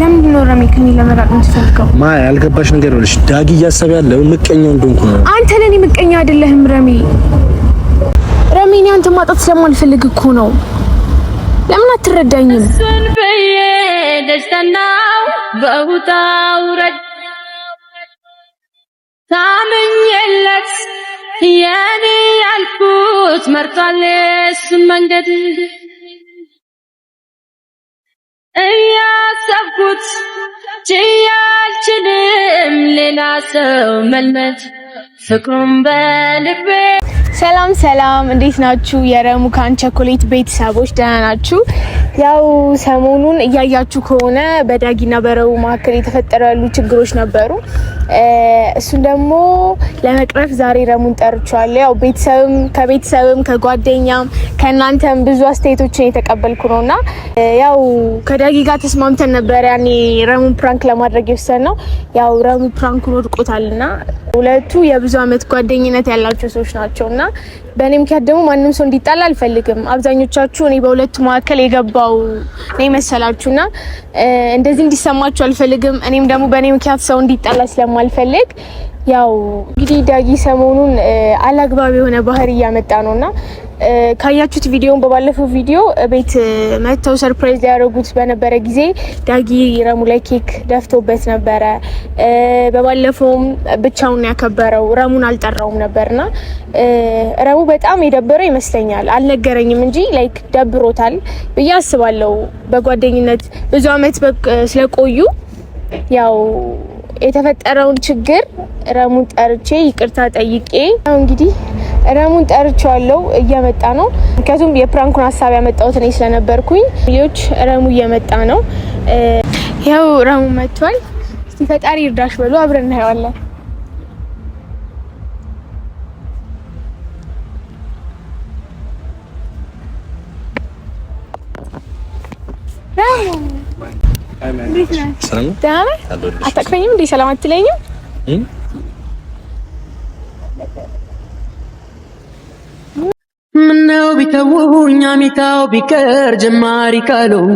ለምንድን ነው ረሜ ከኔ ለመራቅ የምትፈልገው? ማይ ያልገባሽ ነገር ሆነሽ ዳጊ እያሰብ ያለው ምቀኛው እንደሆንኩ ነው። አንተ ለኔ ምቀኛ አይደለህም ረሜ። ረሜ እኔ አንተ ማጣት ስለማልፈልግ እኮ ነው። ለምን አትረዳኝም? ሰንበየ ደስታናው በውጣው ረድ ታመኝለት የኔ ያልኩት መርጧል እሱ መንገድ ያልኩት ችያልችልም ሌላ ሰው መልመድ ፍቅሩን በልቤ ሰላም ሰላም፣ እንዴት ናችሁ? የረሙካን ቸኮሌት ቤተሰቦች ደህና ናችሁ? ያው ሰሞኑን እያያችሁ ከሆነ በዳጊና በረቡ መካከል የተፈጠሩ ያሉ ችግሮች ነበሩ። እሱን ደግሞ ለመቅረፍ ዛሬ ረሙን ጠርቻለሁ። ያው ቤተሰብም ከቤተሰብም ከጓደኛም ከእናንተም ብዙ አስተያየቶችን የተቀበልኩ ነውና ያው ከዳጊ ጋር ተስማምተን ነበር ያኔ ረሙን ፕራንክ ለማድረግ የወሰን ነው። ያው ረሙ ፕራንኩን ወድቆታልና ሁለቱ የብዙ አመት ጓደኝነት ያላቸው ሰዎች ናቸውና በእኔ ምክንያት ደግሞ ማንም ሰው እንዲጣላ አልፈልግም። አብዛኞቻችሁ እኔ በሁለቱ መካከል የገባው ነው መሰላችሁና እንደዚህ እንዲሰማችሁ አልፈልግም። እኔም ደግሞ በእኔ ምክንያት ሰው እንዲጣላ ስለማልፈልግ ያው እንግዲህ ዳጊ ሰሞኑን አላግባብ የሆነ ባህሪ እያመጣ ነውና ካያችሁት ቪዲዮን በባለፈው ቪዲዮ ቤት መጥተው ሰርፕራይዝ ያደረጉት በነበረ ጊዜ ዳጊ ረሙ ላይ ኬክ ደፍቶበት ነበረ። በባለፈውም ብቻውን ያከበረው ረሙን አልጠራውም ነበርና ረሙ በጣም የደበረው ይመስለኛል። አልነገረኝም እንጂ ላይክ ደብሮታል ብዬ አስባለሁ። በጓደኝነት ብዙ አመት ስለቆዩ ያው የተፈጠረውን ችግር ረሙን ጠርቼ ይቅርታ ጠይቄ ያው እንግዲህ ረሙን ጠርቸዋለው እየመጣ ነው። ምክንያቱም የፕራንኩን ሀሳብ ያመጣሁት እኔ ስለነበርኩኝ ልጆች፣ ረሙ እየመጣ ነው። ያው ረሙ መጥቷል። እስቲ ፈጣሪ እርዳሽ በሉ፣ አብረን እናየዋለን። አታቅፈኝም እንዴ? ሰላም አትለኝም? ተውሁኝ ሚታው ቢቀር ጀማሪ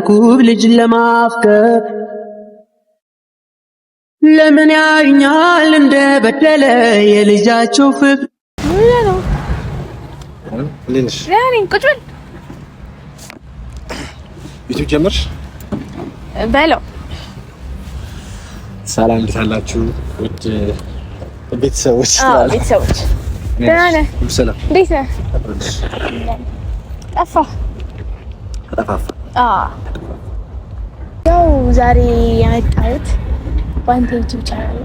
ኩብ ልጅን ለማፍቀር ለምን ያኛል እንደ በደለ የልጃቸው ፍቅር በለው። ሰላም እንዴት አላችሁ? ውድ ቤተሰቦች፣ ቤተሰቦች ደህና ነህ? ሰላም እንዴት ነህ? ጠፋ ተጠፋፋ። ያው ዛሬ የመጣሁት በአንተ ዩቲዩብ ቻናል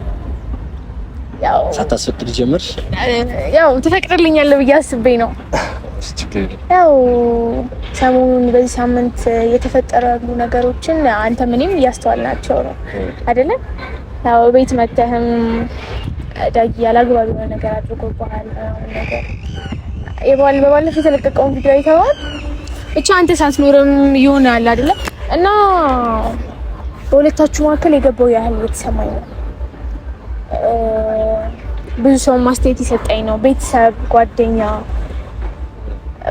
ያው ሳታስፈቅድ ጀመርሽ። ያው ትፈቅድልኛለህ ብዬ አስቤ ነው። ያው ሰሞኑን በዚህ ሳምንት የተፈጠሩ ያሉ ነገሮችን አንተ ምንም እያስተዋልናቸው ነው አይደለ? ያው ቤት መተህም ዳጊ ያላግባብ የሆነ ነገር አድርጎብሃል ነገር የባል በባለፈው የተለቀቀውን ቪዲዮ አይተዋል። ብቻ አንተ ሳትኖርም ይሆን ያለ አይደለ? እና በሁለታችሁ መካከል የገባው ያህል የተሰማኝ ነው። ብዙ ሰው ማስተያየት የሰጠኝ ነው፣ ቤተሰብ፣ ጓደኛ።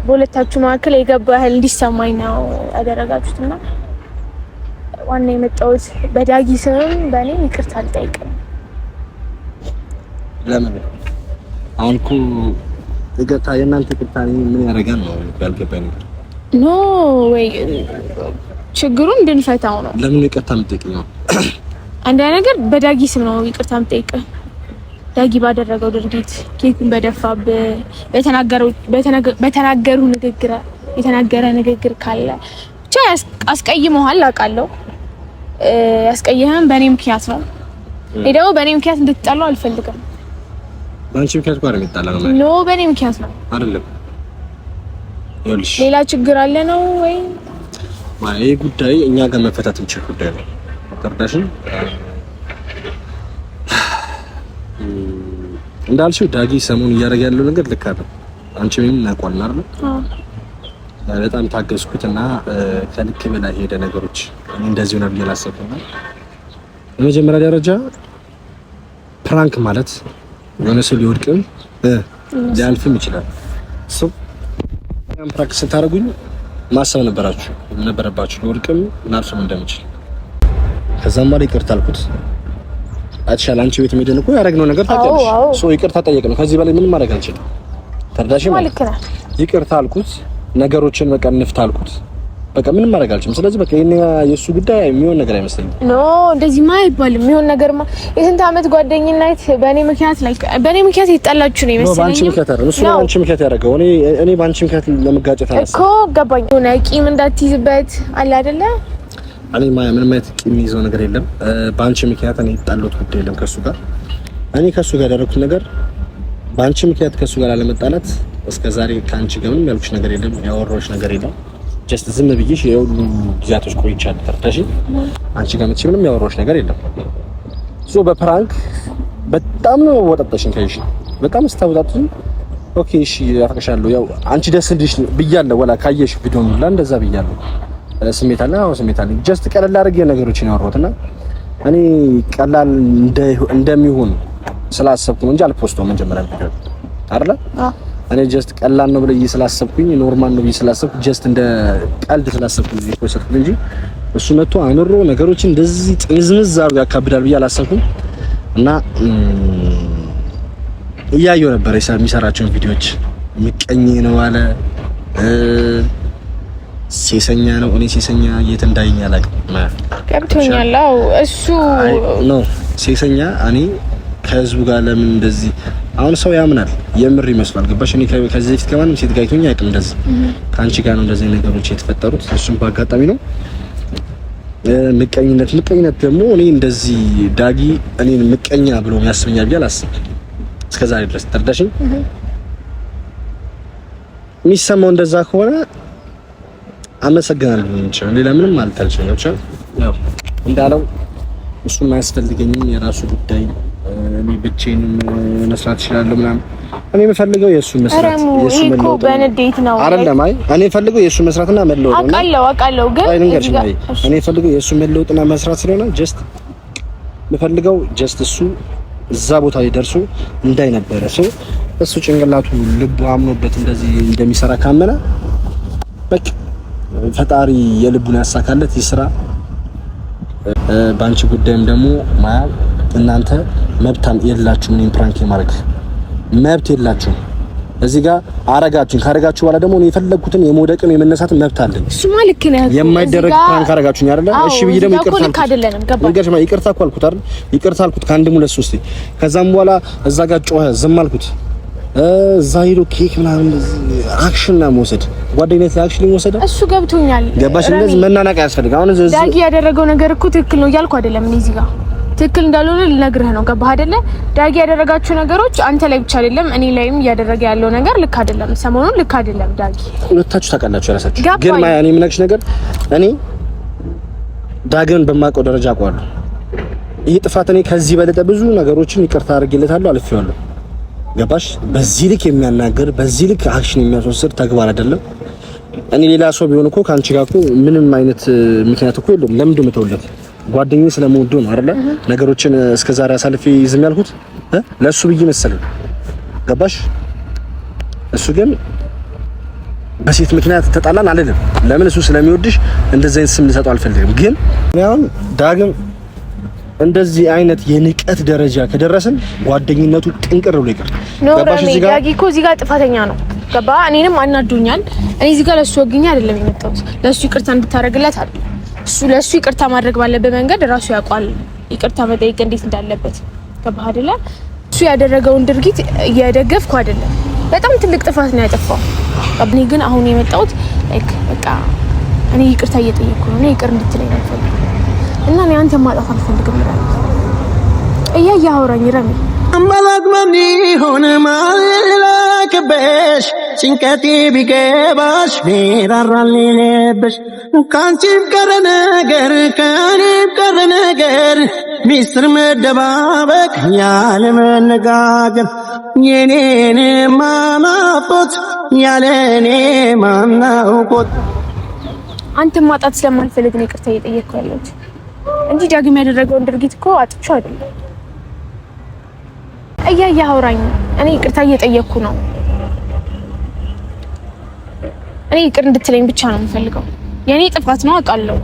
በሁለታችሁ መካከል የገባው ያህል እንዲሰማኝ ነው ያደረጋችሁት እና ዋና የመጣሁት በዳጊ ስም በእኔ ይቅርታ አልጠይቅም። ለምን አሁን ይቅርታ የእናንተ ይቅርታ ምን ያደርጋል ነው ያልገባኝ ነገር። ኖ ወይ ችግሩን እንድንፈታው ነው። ለምን ይቅርታ የምትጠይቀኝ ነው? አንደኛ ነገር በዳጊ ስም ነው ይቅርታ የምትጠይቀኝ። ዳጊ ባደረገው ድርጊት ኬኩን በደፋ በተናገረው በተናገሩ ንግግር የተናገረ ንግግር ካለ ብቻ አስቀይመሃል፣ አውቃለሁ። ያስቀየህም በእኔ ምክንያት ነው። እኔ ደግሞ በእኔ ምክንያት እንድትጣሉ አልፈልግም። በአንቺ ምክንያት እኮ አይደለም የሚጣላ ነው። ኖ በእኔ ምክንያት ነው አይደለም። ይኸውልሽ ሌላ ችግር አለ ነው ወይ? ይሄ ጉዳይ እኛ ጋር መፈታት የሚችል ጉዳይ ነው። ተርዳሽን እንዳልሽው ዳጊ ሰሞኑን እያደረገ ያለው ነገር ልክ አይደለም። አንቺ ምንም እናቋልና አይደል? በጣም ታገዝኩት ከልክ በላይ ሄደ ነገሮች እኔ እንደዚህ ሆነ ብዬ ላሰብኩና በመጀመሪያ ደረጃ ፕራንክ ማለት የሆነ ሰው ሊወድቅም ሊያልፍም ይችላል። ሰው ያን ፕራክቲስ ስታደርጉኝ ማሰብ ነበራችሁ ነበረባችሁ ሊወድቅም ላልፍም እንደምችል። ከዛም ማለት ይቅርታ አልኩት። አትሻል አንቺ ቤት የሚደንቁ ያደረግነው ነገር ታውቂያለሽ። ሰው ይቅርታ ጠየቅነው። ከዚህ በላይ ምንም ማድረግ አንችልም። ተረዳሽ ማለት ይቅርታ አልኩት። ነገሮችን በቃ እንፍታ አልኩት። በቃ ምንም ማድረግ አልችልም። ስለዚህ በቃ ይሄን የሱ ጉዳይ የሚሆን ነገር አይመስለኝም። ኖ እንደዚህ እንደዚህማ አይባልም። የሚሆን ነገርማ የስንት ዓመት ጓደኝነት በእኔ ምክንያት ላይ በእኔ ምክንያት የተጣላችሁ ነው ይመስለኝ። ባንቺ ምክንያት አይደለም እሱ ባንቺ ምክንያት ያደረገው እኔ እኔ ባንቺ ምክንያት ለመጋጨት አላሰብኩም እኮ ገባኝ። ሆነ ቂም እንዳትይዝበት አለ አይደለ? እኔ ምንም አይነት ቂም ይዘው ነገር የለም። ባንቺ ምክንያት እኔ የተጣላሁት ጉዳይ የለም ከሱ ጋር እኔ ከሱ ጋር ያደረኩት ነገር ባንቺ ምክንያት ከሱ ጋር አለመጣላት እስከዛሬ ከአንቺ ጋር ምንም ያልኩሽ ነገር የለም፣ ያወራሁሽ ነገር የለም። ጀስት ዝም ብዬሽ የሁሉ ጊዜያቶች ቆይቻለሁ። ተረዳሽ? አንቺ ጋር መቼ ምንም ያወራሁሽ ነገር የለም። ሶ በፕራንክ በጣም ነው ወጣጣሽን ከይሽ በጣም ስታወጣጡ ኦኬ፣ እሺ ያፈቅሻለሁ፣ ያው አንቺ ደስ እንዲሽ ብያለሁ። ወላ ካየሽ ቪዲዮን ሁላ እንደዛ ብያለሁ። ስሜት አለ፣ አዎ ስሜት አለ። ጀስት ቀለል አድርጌ ነገሮችን ያወራሁትና እኔ ቀላል እንደሚሆን ስላሰብኩ ነው እንጂ አልፖስተውም መጀመሪያ ቪዲዮ አይደለ? እኔ ጀስት ቀላል ነው ብለህ ስላሰብኩኝ ኖርማል ነው ብዬ ስላሰብኩ ጀስት እንደ ቀልድ ስላሰብኩ ነው እንጂ እሱ መጥቶ አምሮ ነገሮችን እንደዚህ ጥምዝምዝ አድርጎ ያካብዳል ብዬ አላሰብኩም። እና እያየሁ ነበር የሚሰራቸውን ቪዲዮዎች። ምቀኝ ነው አለ፣ ሴሰኛ ነው። እኔ ሴሰኛ የት እንዳይኝ አላውቅም። ገብቶኛል። አዎ እሱ ነው ሴሰኛ። እኔ ከህዝቡ ጋር ለምን እንደዚህ አሁን ሰው ያምናል፣ የምር ይመስላል። ገባሽ? እኔ ከዚህ በፊት ከማንም ሴት ጋር አይቶኝ አያውቅም። እንደዚህ ከአንቺ ጋር ነው እንደዚህ ነገሮች የተፈጠሩት፣ እሱም በአጋጣሚ ነው። ምቀኝነት ምቀኝነት ደግሞ እኔ እንደዚህ ዳጊ እኔን ምቀኛ ብሎ ያስበኛል ብዬ አላስብም። እስከዛሬ ድረስ ተረዳሽኝ። የሚሰማው እንደዛ ከሆነ አመሰግናለሁ። እንችላል ሌላ ምንም ማለት አልችልም። ያው እንዳለው እሱም አያስፈልገኝም፣ የራሱ ጉዳይ እኔ ብቻዬንም መስራት እችላለሁ ምናምን። እኔ የምፈልገው የሱ መስራት የሱ መለወጥ በንዴት ነው አይደለም። አይ እኔ የምፈልገው የሱ መስራትና መለወጥ ነው። አውቃለሁ አውቃለሁ፣ ግን እኔ የምፈልገው የሱ መለወጥና መስራት ስለሆነ ጀስት የምፈልገው ጀስት እሱ እዛ ቦታ ላይ ደርሶ እንዳይነበረ ሰው እሱ ጭንቅላቱ ልቡ አምኖበት እንደዚህ እንደሚሰራ ካመነ በቃ ፈጣሪ የልቡን ያሳካለት ይስራ። በአንቺ ጉዳይም ደግሞ ማያ እናንተ መብት የላችሁም፣ እኔን ፕራንክ የማድረግ መብት የላችሁም። እዚህ ጋር አረጋችሁኝ። ካረጋችሁ በኋላ ደግሞ የፈለግኩትን የመውደቅም የመነሳትን መብት አለኝ። እሱማ ልክ ነህ። የማይደረግ ፕራንክ አረጋችሁኝ አይደለ? እሺ ብዬ ደግሞ ይቅርታ ይቅርታ እኮ አልኩት አይደል? ይቅርታ አልኩት ከአንድም ሁለት ሶስት። ከዛም በኋላ እዛ ጋር ጮኸ፣ ዝም አልኩት። እዛ ሄዶ ኬክ ምናምን አክሽን ነው መውሰድ ጓደኝነት ላይ አክሽን ወሰደ። እሱ ገብቶኛል። ገባሽ? እንደዚህ መናናቅ አያስፈልግ። አሁን ዳጊ ያደረገው ነገር እኮ ትክክል ነው እያልኩ አይደለም እዚህ ጋር ትክክል እንዳልሆነ ልነግርህ ነው። ገባህ አይደለ? ዳጊ ያደረጋችሁ ነገሮች አንተ ላይ ብቻ አይደለም፣ እኔ ላይም እያደረገ ያለው ነገር ልክ አይደለም። ሰሞኑን ልክ አይደለም። ዳጊ ሁለታችሁ ታውቃላችሁ የራሳችሁ። ግን ማያ እኔ የምነግርሽ ነገር እኔ ዳግን በማውቀው ደረጃ አውቀዋለሁ። ይህ ጥፋት እኔ ከዚህ በለጠ ብዙ ነገሮችን ይቅርታ አድርጌለታለሁ፣ አልፌዋለሁ። ገባሽ? በዚህ ልክ የሚያናገር በዚህ ልክ አክሽን የሚያስወስድ ተግባር አይደለም። እኔ ሌላ ሰው ቢሆን እኮ ከአንቺ ጋር እኮ ምንም አይነት ምክንያት እኮ የለውም። ለምንድን ነው ጓደኛዬ ስለምወደው ነው አይደለ? ነገሮችን እስከዛሬ አሳልፌ ዝም ያልኩት ለእሱ ብዬ መሰለኝ። ገባሽ? እሱ ግን በሴት ምክንያት ተጣላን አልልም። ለምን እሱ ስለሚወድሽ እንደዚህ አይነት ስም ልሰጠው አልፈልግም። ግን አሁን ዳግም እንደዚህ አይነት የንቀት ደረጃ ከደረስን ጓደኝነቱ ጥንቅር ብሎ ይቀር። ገባሽ? ዳጊ እኮ እዚህ ጋር ጥፋተኛ ነው። ገባ? እኔንም አናዶኛል። እኔ እዚህ ጋር ለእሱ ወግኛ አይደለም የመጣሁት፣ ለእሱ ይቅርታ እንድታደርግለት አይደለም እሱ ለእሱ ይቅርታ ማድረግ ባለበት መንገድ ራሱ ያውቋል። ይቅርታ መጠየቅ እንዴት እንዳለበት ገባህ አይደለ? እሱ ያደረገውን ድርጊት እየደገፍኩ አይደለም። በጣም ትልቅ ጥፋት ነው ያጠፋው። አብኔ ግን አሁን የመጣሁት ላይክ በቃ እኔ ይቅርታ እየጠየቅኩ ነው። እኔ ይቅር እንድትለኝ አልፈልግም እና እኔ አንተ ማጣት አልፈልግም እላለሁ። እያየ አውራኝ ረሚ አምላክ ማን ሆነ ማላክበሽ ጭንቀቴ ቢገባሽ ሜራራል ልብሽ ከአንቺም ቀረ ነገር ከእኔም ቀረ ነገር ሚስጥር መደባበቅ ያለ መነጋገር የኔን ማናቆት ያለ እኔ ማናውቆት አንተም ማጣት ስለማልፈልግ ነው ይቅርታ እየጠየቅኩ ያለሁት እንጂ ዳግም ያደረገውን ድርጊት እኮ አጥቼው አይደለም። እያየህ አውራኝ። እኔ ይቅርታ እየጠየቅኩ ነው። እኔ ይቅር እንድትለኝ ብቻ ነው የምፈልገው። የኔ ጥፋት ነው አውቃለሁ።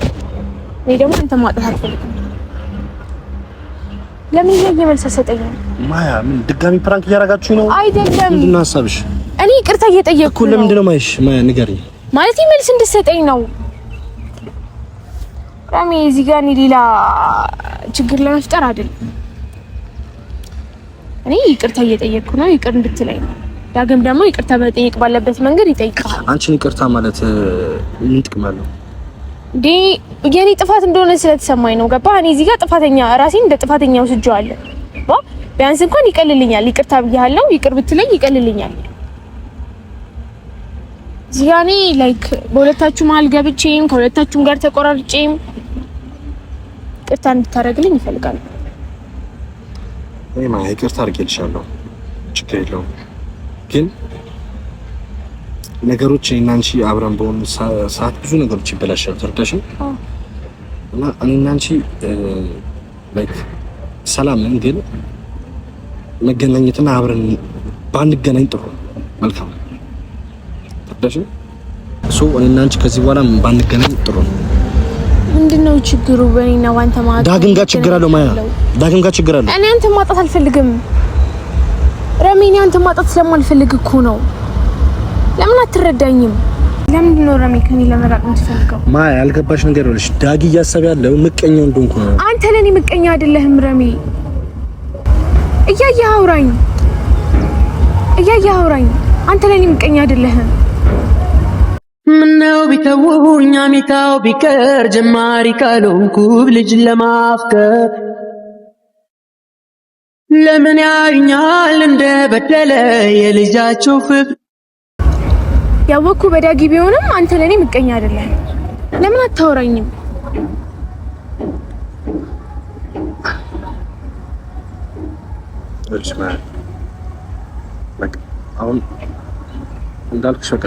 እኔ ደግሞ አንተ ማጥፋት አልፈልግም። ለምን ይሄ መልስ ሰጠኝ? ማያ ምን ድጋሚ ፕራንክ እያደረጋችሁ ነው? አይደለም። ምንድን ነው ሀሳብሽ? እኔ ይቅርታ እየጠየቅኩ እኮ ለምንድን ነው ማይሽ? ማያ ንገሪኝ። ማለት መልስ እንድትሰጠኝ ነው። ቆሚ እዚህ ጋር እኔ ሌላ ችግር ለመፍጠር አይደል። እኔ ይቅርታ እየጠየቅኩ ነው፣ ይቅር እንድትለኝ ነው ዳግም ደግሞ ይቅርታ መጠየቅ ባለበት መንገድ ይጠይቃል። አንቺን ይቅርታ ማለት ምን ጥቅም አለው? ዲ የኔ ጥፋት እንደሆነ ስለተሰማኝ ነው። ገባ እኔ እዚህ ጋር ጥፋተኛ ራሴን እንደ ጥፋተኛ ወስጄዋለሁ። ቢያንስ እንኳን ይቀልልኛል። ይቅርታ ብያለሁ፣ ይቅር ብትለኝ ይቀልልኛል። እዚህ ላይክ በሁለታችሁ መሀል ገብቼም ከሁለታችሁም ጋር ተቆራርጬም ይቅርታ እንድታደርግልኝ ይፈልጋል። ይቅርታ አድርጌልሻለሁ፣ ችግር የለውም ግን ነገሮች እኔና አንቺ አብረን በሆኑ ሰዓት ብዙ ነገሮች ይበላሻሉ። ተረዳሽኝ? እና እኔና አንቺ ላይክ ሰላም ነን፣ ግን መገናኘትና አብረን ባንገናኝ ጥሩ መልካም። ተረዳሽኝ? ሶ እኔና አንቺ ከዚህ በኋላ ባንገናኝ ጥሩ ነው። ምንድን ነው ችግሩ? በእኔና ባንተ ማለት ዳግም ጋር ችግር አለው። ማያ ዳግም ጋር ችግር አለው። እኔ አንተ ማጣት አልፈልግም ረሜን አንተ ማጣት ስለማልፈልግ እኮ ነው። ለምን አትረዳኝም? ለምንድን ነው ረሜ ከኔ ለመራቅ የምትፈልገው? ማ ያልገባሽ ነገር ይኸውልሽ፣ ዳጊ እያሰብ ያለው ምቀኛው እንደሆንኩ ነው። አንተ ለኔ ምቀኛ አይደለህም ረሜ። እያየህ አውራኝ፣ እያየህ አውራኝ። አንተ ለኔ ምቀኛ አይደለህም። ምነው ቢተውኝ ሚታው ቢቀር ጀማሪ ካልሆንኩ ልጅ ለማፍቀር ለምን ያኛል እንደ በደለ የልጃቸው ፍቅር ያወኩ በዳጊ ቢሆንም አንተ ለኔ ምቀኝ አይደለም። ለምን አታወራኝም? አሁን እንዳልኩሽ በቃ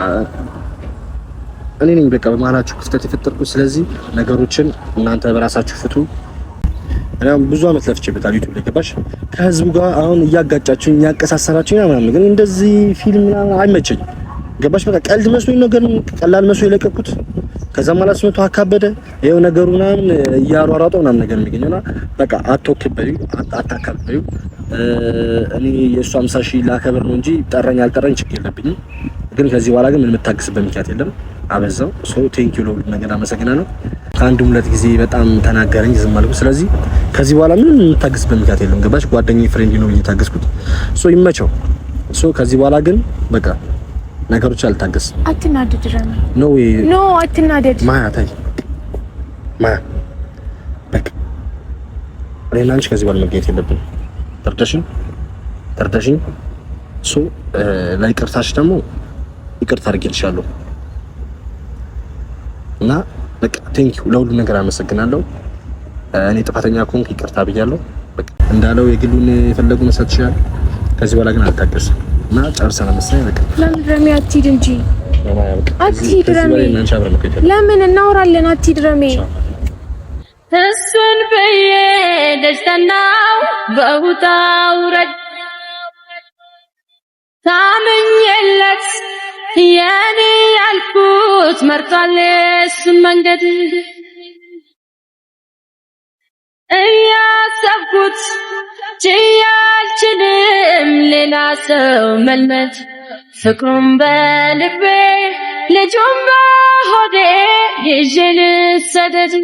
እኔ ነኝ በቃ በመሀላችሁ ክፍተት የፈጠርኩት። ስለዚህ ነገሮችን እናንተ በራሳችሁ ፍቱ። ብዙ አመት ለፍቼበታል ዩቲዩብ ላይ ገባሽ። ከህዝቡ ጋር አሁን እያጋጫችሁኝ እያቀሳሰራችሁኝ ምናምን፣ ግን እንደዚህ ፊልም ምናምን አይመቸኝም ገባሽ። በቃ ቀልድ መስሎኝ ነገር ቀላል መስሎ የለቀኩት ከዛ ማለት ስመቶ አካበደ ይሄው ነገሩ ምናምን እያሯሯጠው ምናምን ነገር የሚገኘውና በቃ አትወክበዩ፣ አታካበዩ። እኔ የእሱ ሃምሳ ሺህ ላከብር ነው እንጂ ጠረኝ አልጠረኝ ችግር የለብኝም። ግን ከዚህ በኋላ ግን ምን የምታግስበት ምክንያት የለም። አበዛው ሶ ቴንኪዩ ለሁሉ ነገር አመሰግናለሁ። ከአንድ ሁለት ጊዜ በጣም ተናገረኝ፣ ዝም አልኩ። ስለዚህ ከዚህ በኋላ ምንም የምታገስበት ምክንያት የለም። ገባሽ? ጓደኛዬ ፍሬንድ ነው ብዬ ታገስኩት። ሶ ይመቸው። ሶ ከዚህ በኋላ ግን በቃ ነገሮች አልታገስ አትናደድ ረማ። ኖ ኖ፣ አትናደድ ማያ። ታይ ማያ፣ በቃ እኔና አንቺ ከዚህ በኋላ መገኘት ሶ ለይቅርታሽ ደግሞ ይቅርታ አድርጌልሻለሁ እና በቃ ቴንኪው፣ ለሁሉ ነገር አመሰግናለሁ። እኔ ጥፋተኛ ኮንክ ይቅርታ ብያለሁ። እንዳለው የግሉን የፈለጉ መሰት ይችላል። ከዚህ በኋላ ግን አልታገስ እና ጨርሰናል መሰለኝ። በቃ ለምን ረሜ አትሂድ እንጂ አትሂድ ድረሜ፣ ለምን እናወራለን? አትሂድ ድረሜ እሱን ብዬ ደስተናው በውጣ ውረድ ታምኜለት የኔ ሞት መርጧል እሱን መንገድ እያሰብኩት ችያልችልም ሌላ ሰው መልመድ ፍቅሩም በልቤ ልጁም በሆዴ ይዤ ልሰደድ